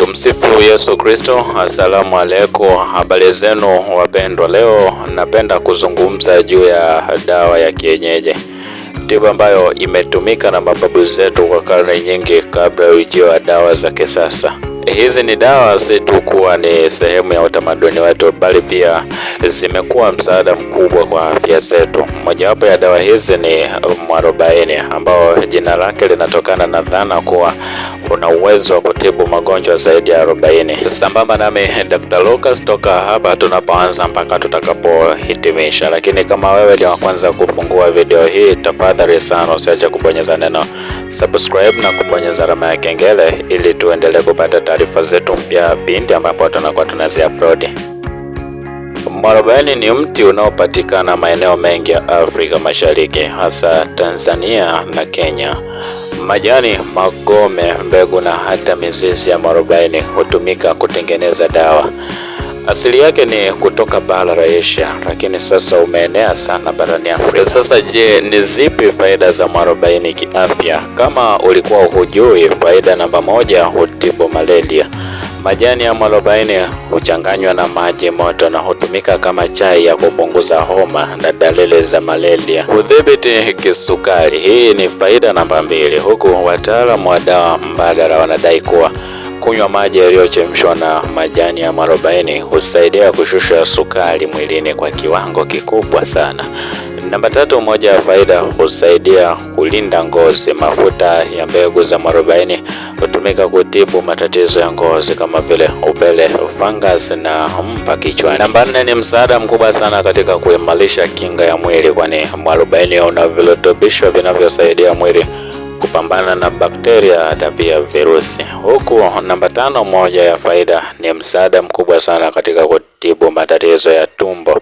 Tumsifu Yesu Kristo. Asalamu alaikum, habari zenu wapendwa. Leo napenda kuzungumza juu ya dawa ya kienyeji, tiba ambayo imetumika na mababu zetu kwa karne nyingi kabla ya ujio wa dawa za kisasa. Hizi ni dawa si tu kuwa ni sehemu ya utamaduni wetu, bali pia zimekuwa msaada mkubwa kwa afya zetu. Mojawapo ya dawa hizi ni mwarobaini ambao jina lake linatokana na dhana kuwa una uwezo wa kutibu magonjwa zaidi ya arobaini. Sambamba nami Dr. Lucas, toka hapa tunapoanza mpaka tutakapohitimisha. Lakini kama wewe ni wa kwanza kufungua video hii, tafadhali sana usiache kubonyeza neno subscribe na kubonyeza alama ya kengele ili tuendelee kupata taarifa zetu mpya pindi ambapo tunakuwa tunazi upload. Mwarobaini ni mti unaopatikana maeneo mengi ya Afrika Mashariki, hasa Tanzania na Kenya. Majani, magome, mbegu na hata mizizi ya mwarobaini hutumika kutengeneza dawa. Asili yake ni kutoka bara la Asia, lakini sasa umeenea sana barani Afrika. Sasa je, ni zipi faida za mwarobaini kiafya? Kama ulikuwa hujui, faida namba moja, hutibu malaria. Majani ya mwarobaini huchanganywa na maji moto na hutumika kama chai ya kupunguza homa na dalili za malaria. Hudhibiti kisukari, hii ni faida namba mbili, huku wataalamu wa dawa mbadala wanadai kuwa Kunywa maji yaliyochemshwa na majani ya mwarobaini husaidia kushusha sukari mwilini kwa kiwango kikubwa sana. Namba tatu, moja ya faida husaidia kulinda ngozi. Mafuta ya mbegu za mwarobaini hutumika kutibu matatizo ya ngozi kama vile upele, fungus na mpa kichwani. Namba nne, ni msaada mkubwa sana katika kuimarisha kinga ya mwili, kwani mwarobaini una virutubisho vinavyosaidia mwili kupambana na bakteria hata pia virusi. Huku namba tano, moja ya faida ni msaada mkubwa sana katika kutibu matatizo ya tumbo.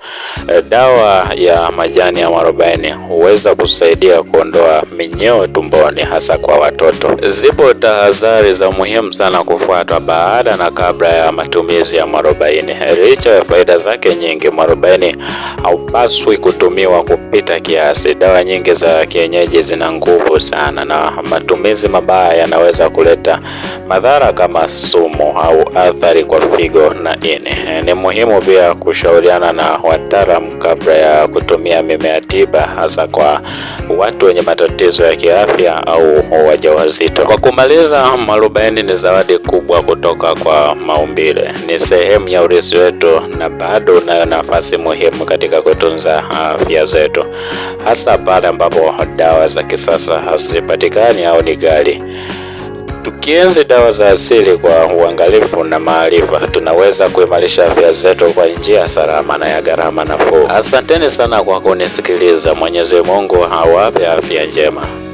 Eh, dawa ya majani ya mwarobaini huweza kusaidia kuondoa minyoo tumboni, hasa kwa watoto. Zipo tahadhari za muhimu sana kufuatwa baada na kabla ya matumizi ya mwarobaini. Licha ya faida zake nyingi, mwarobaini haupaswi kutumiwa kupita kiasi. Dawa nyingi za kienyeji zina nguvu sana na matumizi mabaya yanaweza kuleta madhara kama sumu au athari kwa figo na ini. Eh, ni muhimu muhimu pia kushauriana na wataalamu kabla ya kutumia mimea tiba, hasa kwa watu wenye matatizo ya kiafya au wajawazito. Kwa kumaliza, mwarobaini ni zawadi kubwa kutoka kwa maumbile, ni sehemu ya urithi wetu na bado unayo nafasi muhimu katika kutunza afya zetu, hasa pale ambapo dawa za kisasa hazipatikani au ni ghali. Tukienzi dawa za asili kwa uangalifu na maarifa, tunaweza kuimarisha afya zetu kwa njia salama na ya gharama nafuu. Asanteni sana kwa kunisikiliza. Mwenyezi Mungu awape afya njema.